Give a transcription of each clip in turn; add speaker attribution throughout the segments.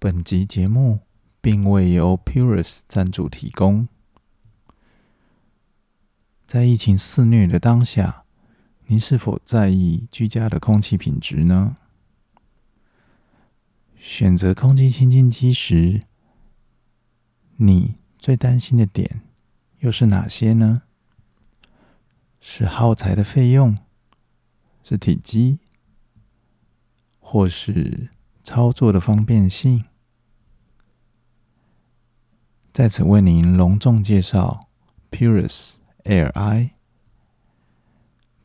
Speaker 1: 本集節目並未由 Purus 贊助提供。在疫情肆虐的當下，您是否在意居家的空氣品質呢？選擇空氣清淨機時，你最擔心的點又是哪些呢？是耗材的費用？是體積？或是操作的方便性？在此為您隆重介紹 PURUS Air i，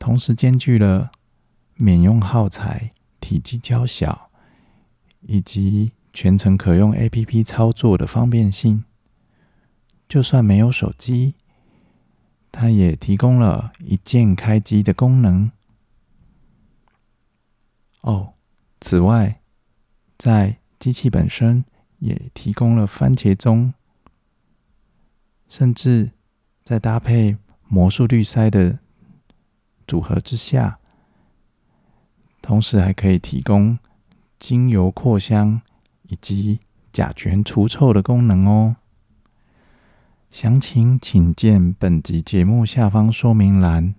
Speaker 1: 同時兼具了免用耗材、體積較小，以及全程可用 APP 操作的方便性。就算沒有手機，它也提供了一鍵開機的功能。哦，此外，在機器本身也提供了番茄鐘。甚至在搭配魔術濾塞的組合之下，同時還可以提供精油擴香以及甲醛除臭的功能哦。詳情請見本集節目下方說明欄。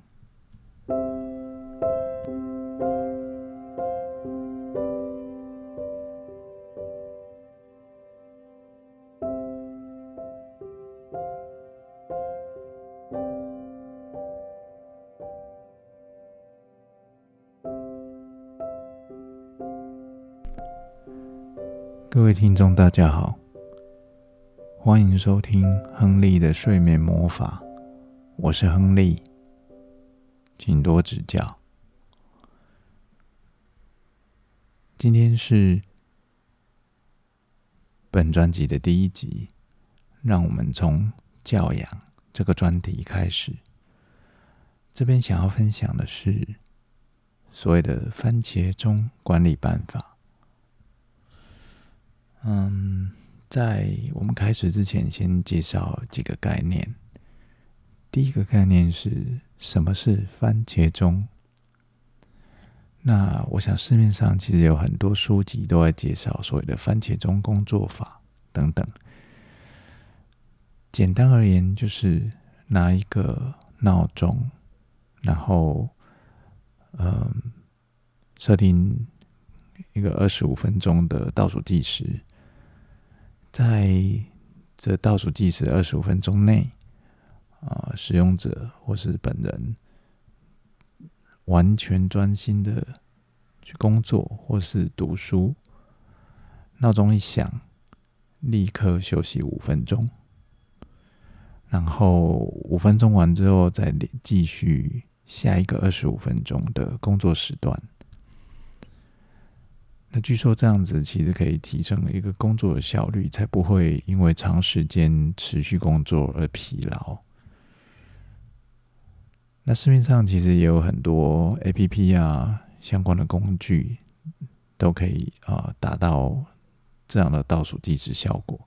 Speaker 1: 各位聽眾，大家好，歡迎收聽《亨利的睡眠魔法》，我是亨利，請多指教。今天是本專輯的第一集，讓我們從教養這個專題開始。這邊想要分享的是所謂的番茄鐘管理辦法。嗯，在我們開始之前，先介紹幾個概念。第一個概念是什麼是番茄鐘？那我想市面上其實有很多書籍都在介紹所謂的番茄鐘工作法等等。簡單而言，就是拿一個鬧鐘，然後嗯，設定一個25分鐘的倒數計時。在這倒數計時的二十五分鐘內，啊，使用者或是本人完全專心的去工作或是讀書。鬧鐘一響，立刻休息五分鐘，然後五分鐘完之後再繼續下一個二十五分鐘的工作時段。那據說這樣子其實可以提升一個工作的效率，才不會因為長時間持續工作而疲勞。那市面上其實也有很多 APP 啊相關的工具，都可以啊、呃、達到這樣的倒數計時效果。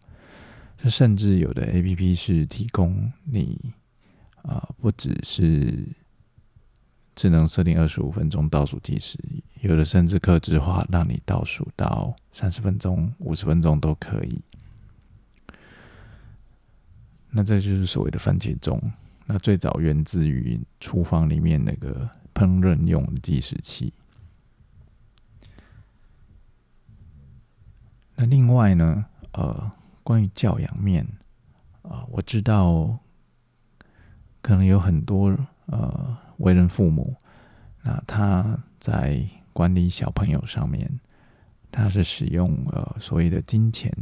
Speaker 1: 就甚至有的 APP 是提供你啊、呃、不只是智能設定二十五分鐘倒數計時。有的甚至客製化，讓你倒數到三十分鐘、五十分鐘都可以。那這就是所謂的番茄鐘。那最早源自於廚房裡面那個烹飪用的計時器。那另外呢，呃，關於教養面，啊、呃，我知道可能有很多呃為人父母，那他在。管理小朋友上面，他是使用呃所謂的金錢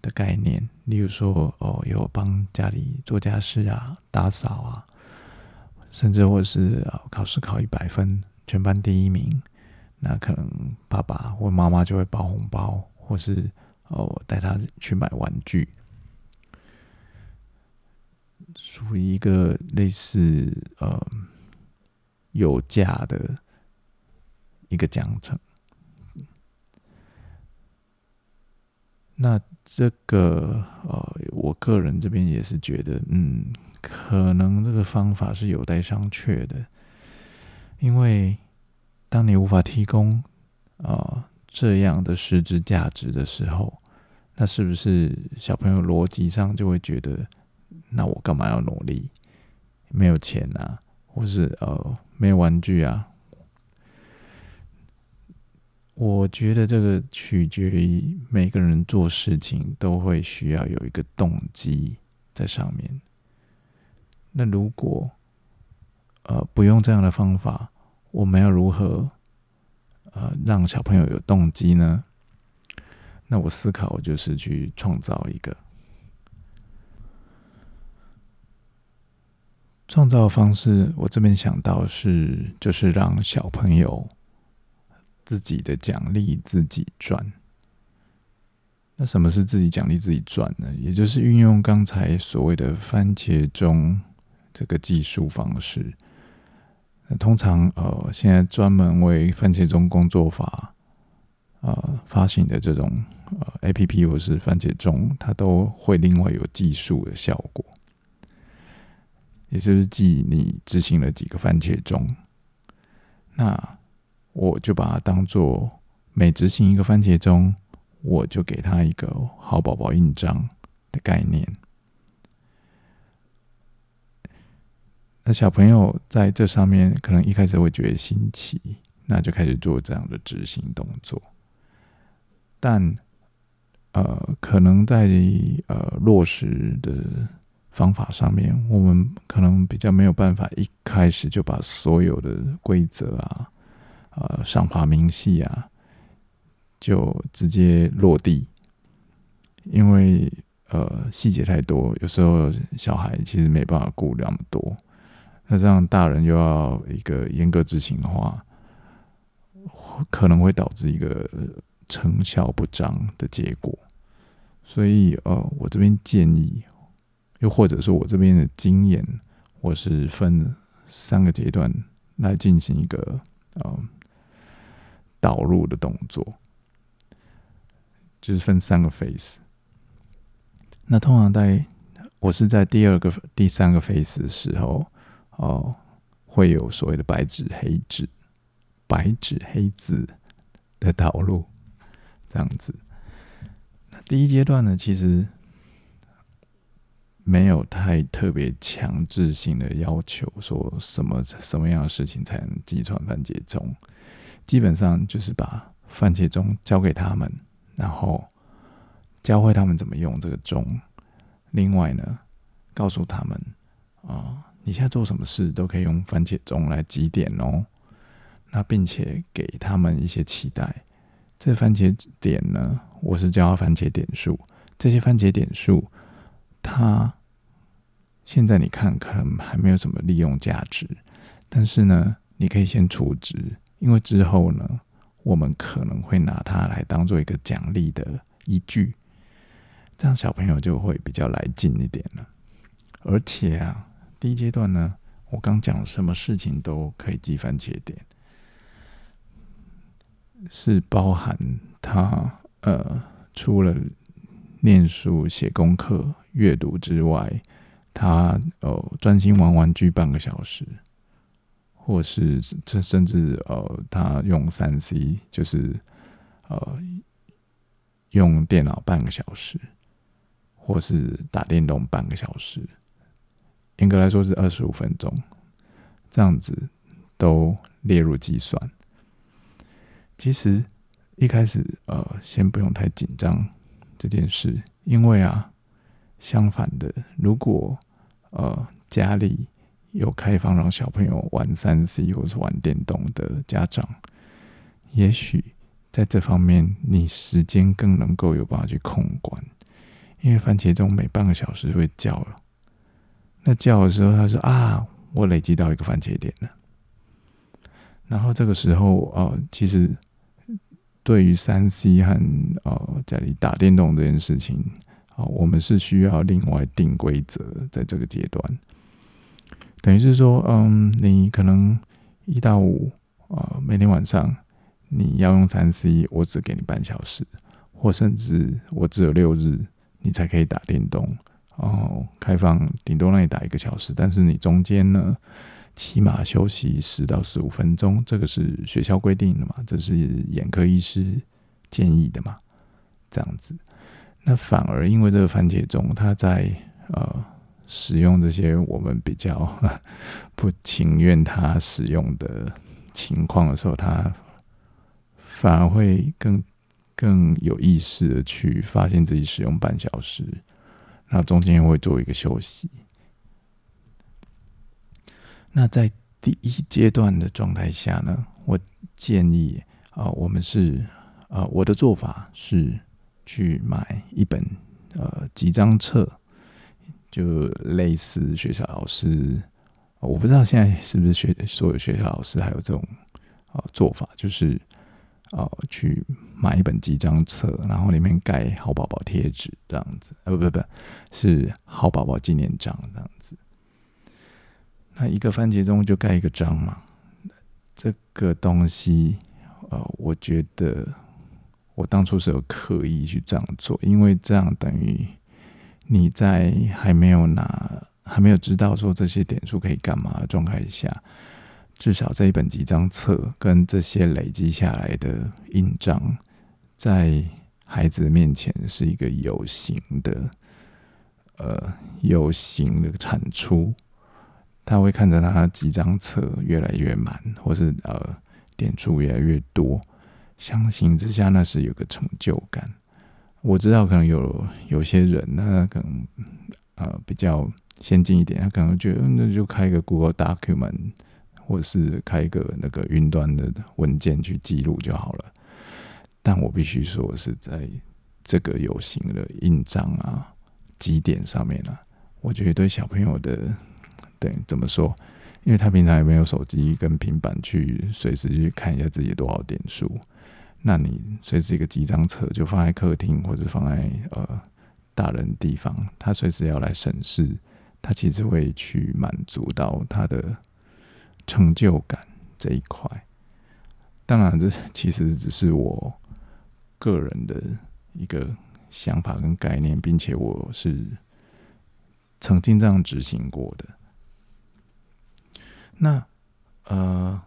Speaker 1: 的概念，例如說哦、呃，有幫家裡做家事啊、打掃啊，甚至或是考試考一百分，全班第一名，那可能爸爸或媽媽就會包紅包，或是哦帶、呃、他去買玩具，屬於一個類似呃有價的。一個獎懲，那這個呃，我個人這邊也是覺得，嗯，可能這個方法是有待商榷的，因為當你無法提供啊，呃，這樣的實質價值的時候，那是不是小朋友邏輯上就會覺得，那我幹嘛要努力？沒有錢啊，或是呃，沒有玩具啊？我覺得這個取決於每個人做事情都會需要有一個動機在上面。那如果呃不用這樣的方法，我們要如何呃讓小朋友有動機呢？那我思考就是去創造一個創造的方式。我這邊想到是，就是讓小朋友。自己的獎勵自己賺，那什麼是自己獎勵自己賺呢？也就是運用剛才所謂的番茄鐘這個計數方式。那通常呃，現在專門為番茄鐘工作法、呃、發行的這種呃 APP 或是番茄鐘，它都會另外有計數的效果，也就是記你執行了幾個番茄鐘。那。我就把它當做每執行一個番茄鐘，我就給他一個好寶寶印章的概念。那小朋友在這上面可能一開始會覺得新奇，那就開始做這樣的執行動作。但，呃，可能在呃，落實的方法上面，我們可能比較沒有辦法一開始就把所有的規則啊。呃，賞罰明細啊，就直接落地，因為呃細節太多，有時候小孩其實沒辦法顧那麼多，那這樣大人又要一個嚴格執行的話，可能會導致一個成效不彰的結果，所以呃，我這邊建議，又或者說我這邊的經驗，我是分三個階段來進行一個，呃導入的動作，就是分三個 phase，那通常在我是在第二個、第三個 phase 的時候，哦、呃，會有所謂的白紙黑紙白紙黑字的導入，這樣子。那第一階段呢，其實沒有太特別強制性的要求，說什麼什麼樣的事情才能擊穿番茄鐘。基本上就是把番茄鐘交給他們，然後教會他們怎麼用這個鐘。另外呢，告訴他們啊、哦，你現在做什麼事都可以用番茄鐘來集點哦。那並且給他們一些期待，這番茄點呢，我是教他番茄點數。這些番茄點數，它現在你看可能還沒有什麼利用價值，但是呢，你可以先儲值。因為之後呢，我們可能會拿它來當做一個獎勵的依據，這樣小朋友就會比較來勁一點了。而且啊，第一階段呢，我剛講什麼事情都可以記番茄點，是包含他呃，除了念書、寫功課、閱讀之外，他哦，呃，專心玩玩具半個小時。或是甚甚至呃，他用三 C 就是呃，用電腦半個小時，或是打電動半個小時，嚴格來說是二十五分鐘，這樣子都列入計算。其實一開始呃，先不用太緊張這件事，因為啊，相反的，如果呃家裡，有開放讓小朋友玩三 C 或是玩電動的家長，也許在這方面你時間更能夠有辦法去控管，因為番茄鐘每半個小時會叫了。那叫的時候，他說：“啊，我累積到一個番茄點了。”然後這個時候，哦，其實對於三 C 和哦家裡打電動這件事情，啊，我們是需要另外定規則，在這個階段。等於是說，嗯，你可能一到五，呃，每天晚上你要用三 C，我只給你半小時，或甚至我只有六日，你才可以打電動，然、呃、後開放頂多讓你打一個小時，但是你中間呢，起碼休息十到十五分鐘，這個是學校規定的嘛，這是眼科醫師建議的嘛，這樣子，那反而因為這個番茄鐘，它在呃。使用這些我們比較 不情願他使用的情況的時候，他反而會更更有意識的去發現自己使用半小時，那中間會做一個休息。那在第一階段的狀態下呢，我建議啊、呃，我們是啊、呃，我的做法是去買一本呃，幾張冊。就類似學校老師，我不知道現在是不是學所有學校老師還有這種、呃、做法，就是、呃、去買一本集章冊，然後裡面蓋好寶寶貼紙這樣子，呃、不不不是好寶寶紀念章這樣子。那一個番茄鐘就蓋一個章嘛。這個東西，呃，我覺得我當初是有刻意去這樣做，因為這樣等於。你在還沒有拿，還沒有知道說這些點數可以幹嘛的狀態下，至少這一本集章冊，跟這些累積下來的印章，在孩子面前是一個有形的、呃有形的產出。他會看着他集章冊越來越滿，或是呃點數越來越多，相形之下，那是有個成就感。我知道可能有有些人，啊，他可能呃比較先進一點，他可能覺得那就開一個 Google Document 或者是開一個那個雲端的文件去記錄就好了。但我必須說是在這個有形的印章啊、集點上面啦、啊，我覺得對小朋友的，對，怎麼說？因為他平常也沒有手機跟平板去隨時去看一下自己多少點數。那你隨時一個集章冊就放在客廳，或者放在呃大人的地方，他隨時要來審視，他其實會去滿足到他的成就感這一塊。當然，這其實只是我個人的一個想法跟概念，並且我是曾經這樣執行過的那。那呃，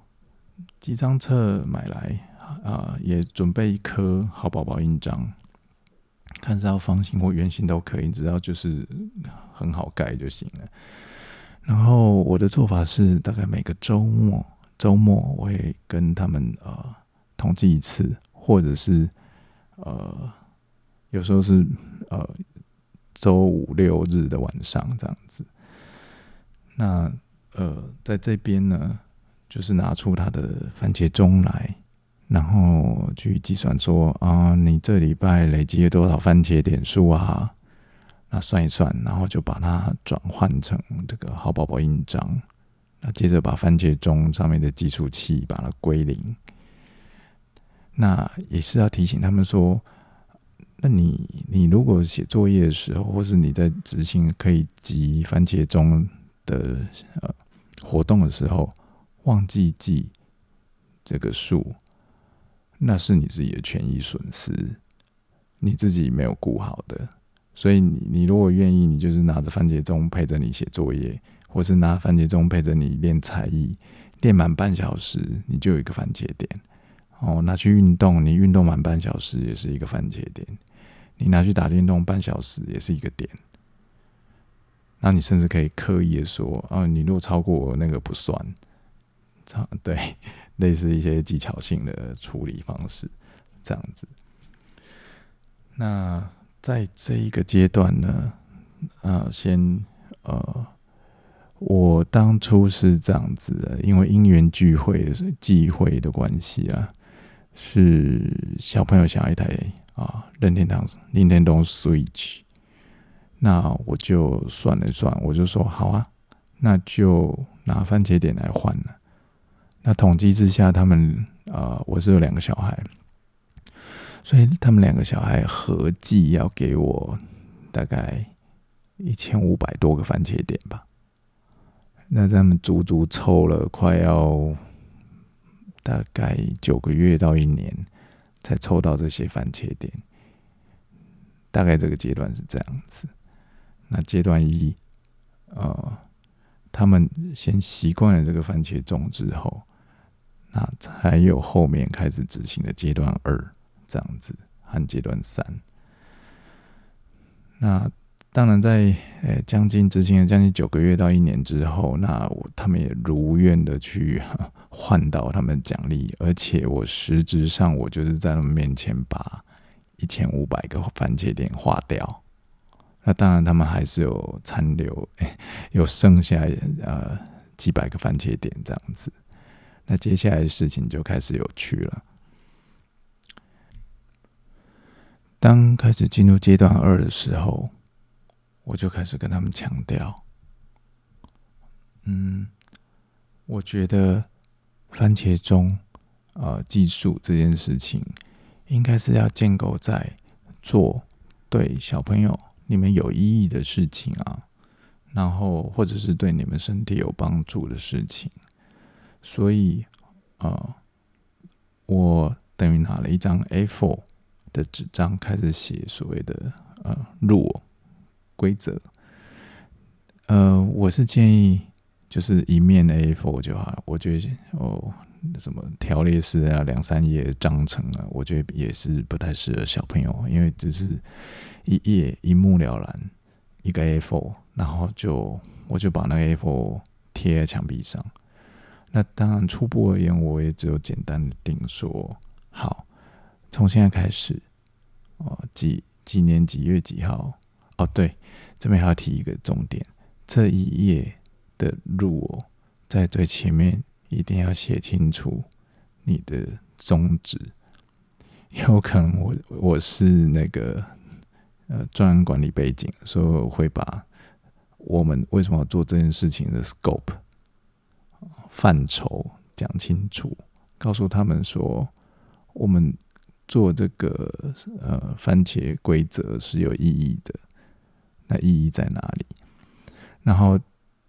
Speaker 1: 集章冊買來。啊、呃，也準備一顆好寶寶印章，看是要方形或圓形都可以，只要就是很好蓋就行了。然後我的做法是，大概每個週末，週末我會跟他們呃統計一次，或者是呃有時候是呃週五六日的晚上這樣子。那呃在這邊呢，就是拿出他的番茄鐘來。然後去計算說啊，你這禮拜累積了多少番茄點數啊？那算一算，然後就把它轉換成這個好寶寶印章。那接着把番茄鐘上面的計數器把它歸零。那也是要提醒他們說，那你你如果寫作業的時候，或是你在執行可以記番茄鐘的呃活動的時候，忘記記這個數。那是你自己的權益損失，你自己沒有顧好的。所以你，你如果願意，你就是拿着番茄鐘陪着你寫作業，或是拿番茄鐘陪着你練才藝，練滿半小時你就有一個番茄點。哦，拿去運動，你運動滿半小時也是一個番茄點。你拿去打電動半小時也是一個點。那你甚至可以刻意的說，啊，你若超過我那個不算。對，類似一些技巧性的處理方式，這樣子。那在這一個階段呢，啊，先呃，我當初是這樣子的，因為因緣聚會的機會的關係啊，是小朋友想要一台啊任天堂任天堂 Switch，那我就算了算，我就說好啊，那就拿番茄點來換了啊。那統計之下，他們啊、呃，我是有兩個小孩，所以他們兩個小孩合計要給我大概一千五百多個番茄點吧。那他們足足湊了快要大概九個月到一年，才湊到這些番茄點。大概這個階段是這樣子。那階段一，呃，他們先習慣了這個番茄鐘之後。那還有後面開始執行的階段二，這樣子和階段三。那當然在，在呃將近執行了將近九個月到一年之後，那我他們也如願的去換到他們獎勵，而且我實質上我就是在他們面前把一千五百個番茄點劃掉。那當然，他們還是有殘留、欸，有剩下呃幾百個番茄點這樣子。那接下來的事情就開始有趣了。當開始進入階段二的時候，我就開始跟他們強調，嗯，我覺得番茄鐘呃技術這件事情，應該是要建構在做對小朋友你們有意義的事情啊，然後或者是對你們身體有幫助的事情。所以，呃，我等於拿了一張 A4 的紙張，開始寫所謂的呃路規則。呃，我是建議就是一面的 A4 就好。我覺得哦，什麼條列式啊，兩三頁章程啊，我覺得也是不太適合小朋友，因為就是一頁一目了然，一個 A4，然後就我就把那個 A4 貼在牆壁上。那當然，初步而言，我也只有簡單的定說好。從現在開始，哦，幾幾年幾月幾號，哦，對，這邊還要提一個重點，這一頁的路在最前面一定要寫清楚你的宗旨。有可能我我是那個呃，專案管理背景，所以我會把我們為什麼要做這件事情的 scope。範疇講清楚，告訴他們說，我們做這個呃番茄規則是有意義的，那意義在哪裡？然後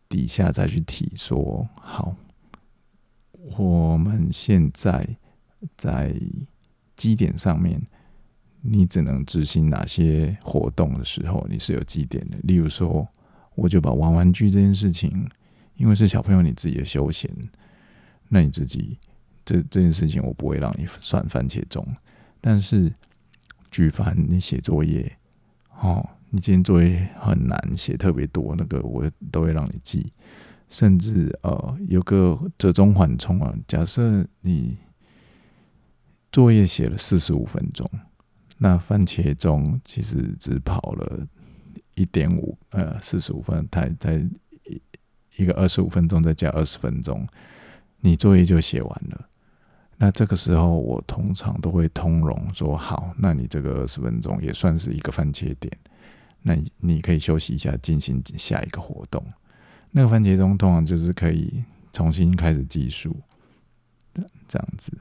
Speaker 1: 底下再去提說，好，我們現在在基點上面，你只能執行哪些活動的時候，你是有基點的。例如說，我就把玩玩具這件事情，因為是小朋友，你自己的休閒，那你自己這這件事情，我不會讓你算番茄鐘。但是，舉凡你寫作業，哦，你今天作業很難，寫特別多，那個我都會讓你記。甚至呃，有個折中緩衝啊，假設你作業寫了四十五分鐘，那番茄鐘其實只跑了一點五呃，四十五分，才才。一個二十五分鐘，再加二十分鐘，你作業就寫完了。那這個時候，我通常都會通融說好，那你這個二十分鐘也算是一個番茄點，那你可以休息一下，進行下一個活動。那個番茄鐘通常就是可以重新開始計數，這樣子。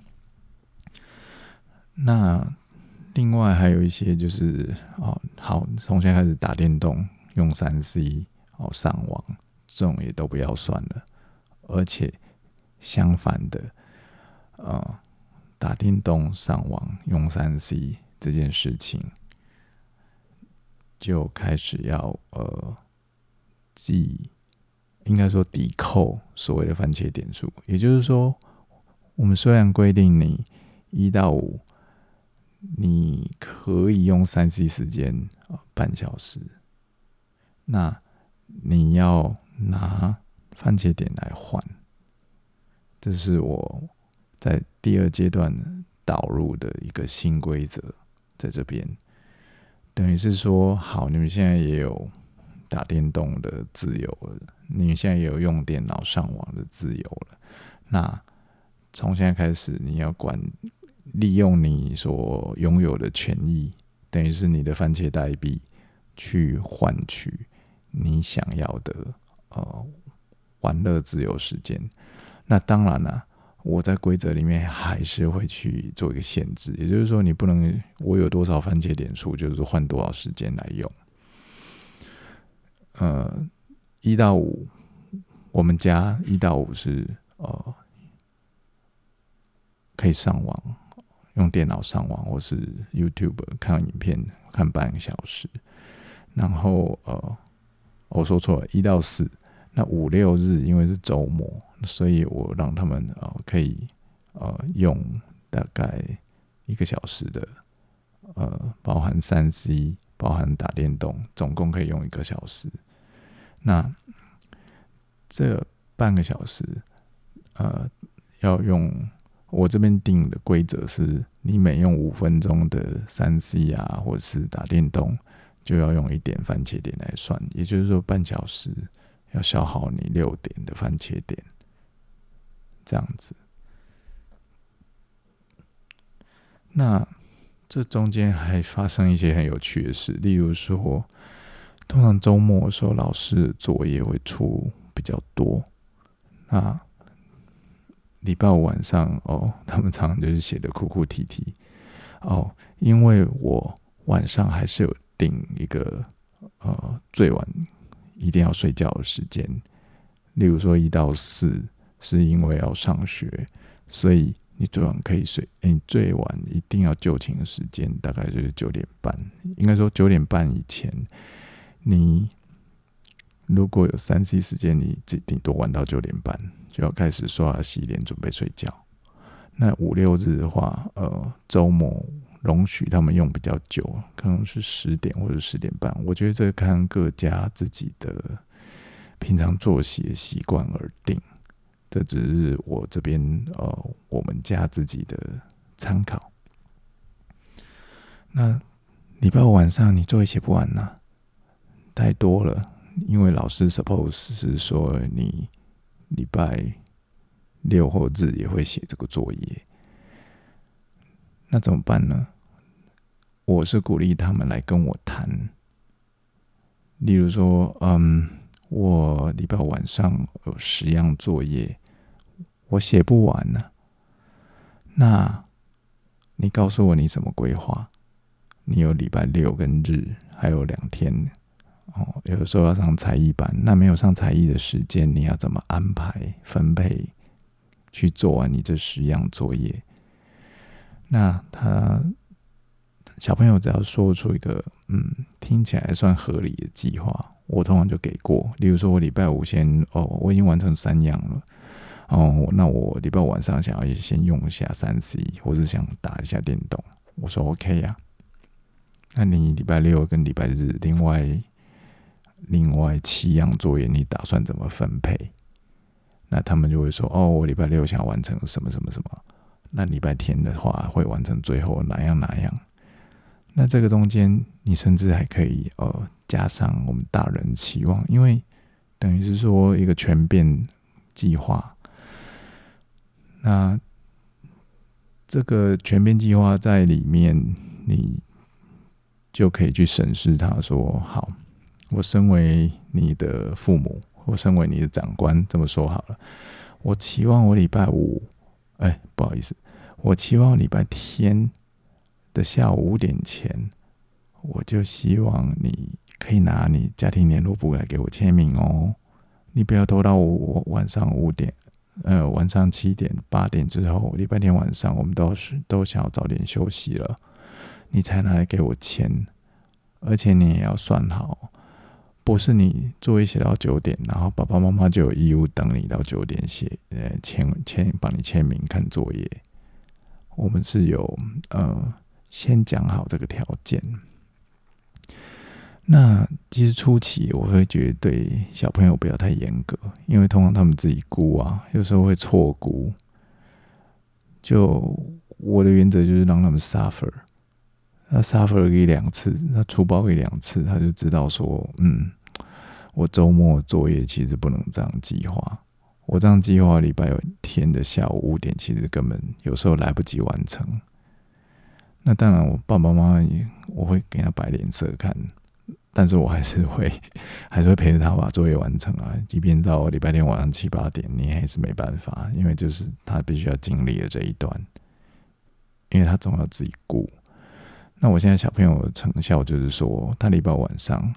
Speaker 1: 那另外還有一些就是哦，好，從現在開始打電動，用三 C 哦上網。這種也都不要算了，而且相反的，呃，打電動、上網用三 C 這件事情，就開始要呃抵，應該說抵扣所謂的番茄點數。也就是說，我們雖然規定你一到五，你可以用三 C 時間呃半小時，那你要。拿番茄點來換，這是我在第二階段導入的一個新規則，在這邊等於是說，好，你們現在也有打電動的自由了，你們現在也有用電腦上網的自由了。那從現在開始，你要管，利用你所擁有的權益，等於是你的番茄代幣去換取你想要的，呃，玩樂自由時間，那當然了啊，我在規則裡面還是會去做一個限制，也就是說，你不能我有多少番茄點數，就是換多少時間來用。呃，一到五，我們家一到五是呃，可以上網，用電腦上網，或是 YouTube 看影片看半個小時，然後呃，我說錯了，一到四。那五六日因為是周末，所以我讓他們啊、呃、可以呃用大概一個小時的呃，包含三 C，包含打電動，總共可以用一個小時。那這半個小時，呃，要用我這邊定的規則是，你每用五分鐘的三 C 啊，或者是打電動，就要用一點番茄點來算，也就是說半小時。要消耗你六點的番茄點，這樣子。那這中間還發生一些很有趣的事，例如說，通常周末的時候，老師的作業會出比較多。那禮拜五晚上哦，他們常常就是寫得哭哭啼啼。哦，因為我晚上還是有訂一個呃最晚。一定要睡覺的時間，例如說一到四，是因為要上學，所以你最晚可以睡，欸、你最晚一定要就寢的時間大概就是九點半，應該說九點半以前，你如果有三 C 時間，你一頂多玩到九點半，就要開始刷牙洗臉準備睡覺。那五六日的話，呃，周末。容許他們用比較久，可能是十點或者十點半。我覺得這看各家自己的平常作息習慣而定，這只是我這邊呃我們家自己的參考。那禮拜五晚上你作業寫不完呢、啊？太多了，因為老師 suppose 是說你禮拜六或日也會寫這個作業。那怎麼辦呢？我是鼓勵他們來跟我談。例如說，嗯，我禮拜我晚上有十樣作業，我寫不完呢、啊。那，你告訴我你怎麼規劃？你有禮拜六跟日還有兩天哦，有的時候要上才藝班，那沒有上才藝的時間，你要怎麼安排分配去做完你這十樣作業？那他小朋友只要說出一個嗯聽起來算合理的計劃，我通常就給過。例如說我禮拜五先哦我已經完成三樣了哦，那我禮拜五晚上想要先用一下三 C，或是想打一下電動，我說 OK 呀，啊。那你禮拜六跟禮拜日另外另外七樣作業你打算怎麼分配？那他們就會說哦我禮拜六想要完成什麼什麼什麼。那禮拜天的話，會完成最後哪樣哪樣？那這個中間，你甚至還可以呃加上我們大人期望，因為等於是說一個全變計劃。那這個全變計劃在裡面，你就可以去審視他說，好，我身為你的父母，我身為你的長官，這麼說好了，我期望我禮拜五。不好意思，我期望禮拜天的下午五點前，我就希望你可以拿你家庭聯絡簿來給我簽名哦。你不要拖到我，我晚上五點，呃，晚上七點、八點之後，禮拜天晚上我們都是都想要早點休息了，你才拿來給我簽，而且你也要算好。不是你作業寫到九點，然後爸爸媽媽就有義務等你到九點寫，呃，簽簽幫你簽名看作業。我們是有，呃，先講好這個條件。那其實初期我會覺得對小朋友不要太嚴格，因為通常他們自己估啊，有時候會錯估。就我的原則就是讓他們 suffer。他 suffer 一兩次，他出包一兩次，他就知道說，嗯，我週末作業其實不能這樣計劃，我這樣計劃禮拜天的下午五點，其實根本有時候來不及完成。那當然，我爸爸媽媽也，我會給他擺臉色看，但是我還是會，還是會陪着他把作業完成啊。即便到禮拜天晚上七八點，你還是沒辦法，因為就是他必須要經歷的這一段，因為他總要自己顧。那我現在小朋友的成效就是說，他禮拜晚上，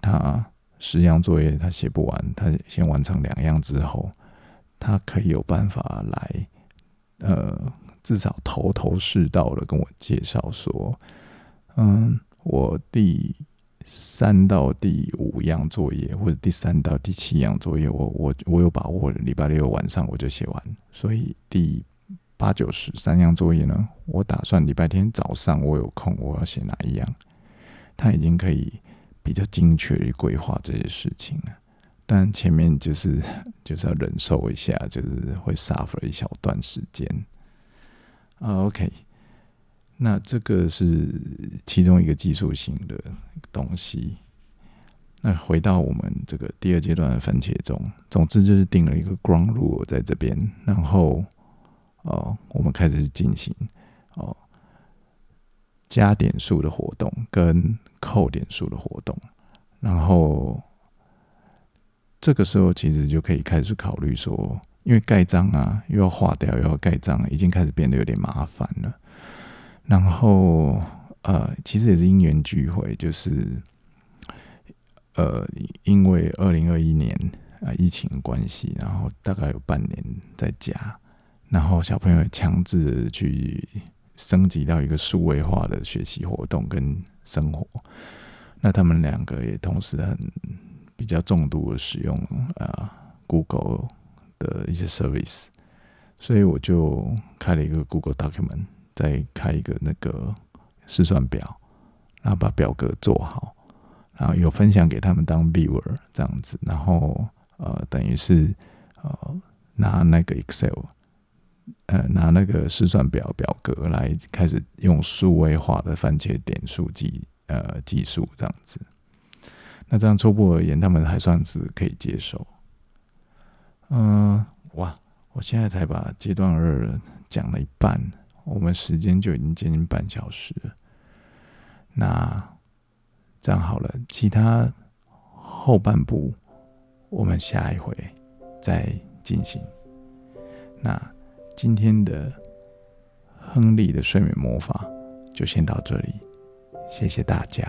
Speaker 1: 他十樣作業他寫不完，他先完成兩樣之後，他可以有辦法來，呃，至少頭頭是道的跟我介紹說，嗯，我第三到第五樣作業或者第三到第七樣作業，我我我有把握，禮拜六晚上我就寫完，所以第。八九十三樣作業呢？我打算禮拜天早上我有空，我要寫哪一樣？他已經可以比較精確的規劃這些事情了。但前面就是就是要忍受一下，就是會 suffer 一小段時間。OK，那這個是其中一個技術性的東西。那回到我們這個第二階段的番茄鐘，總之就是定了一個 ground rule 在這邊，然後。哦，我們開始進行哦，加點數的活動跟扣點數的活動，然後這個時候其實就可以開始考慮說，因為蓋章啊，又要劃掉，又要蓋章，已經開始變得有點麻煩了。然後呃，其實也是因緣聚會，就是呃，因為二零二一年啊、呃、疫情的關係，然後大概有半年在家。然後小朋友也強制去升級到一個數位化的學習活動跟生活，那他們兩個也同時很比較重度的使用啊 Google 的一些 service，所以我就開了一個 Google Document，再開一個那個試算表，然後把表格做好，然後有分享給他們當 Viewer 這樣子，然後呃等於是呃拿那個 Excel。呃，拿那個試算表表格來開始用數位化的番茄點數計呃計數這樣子，那這樣初步而言，他們還算是可以接受。嗯、呃，哇，我現在才把階段二講了一半，我們時間就已經接近半小時。那這樣好了，其他後半部我們下一回再進行。那。今天的亨利的睡眠魔法就先到這裡，謝謝大家。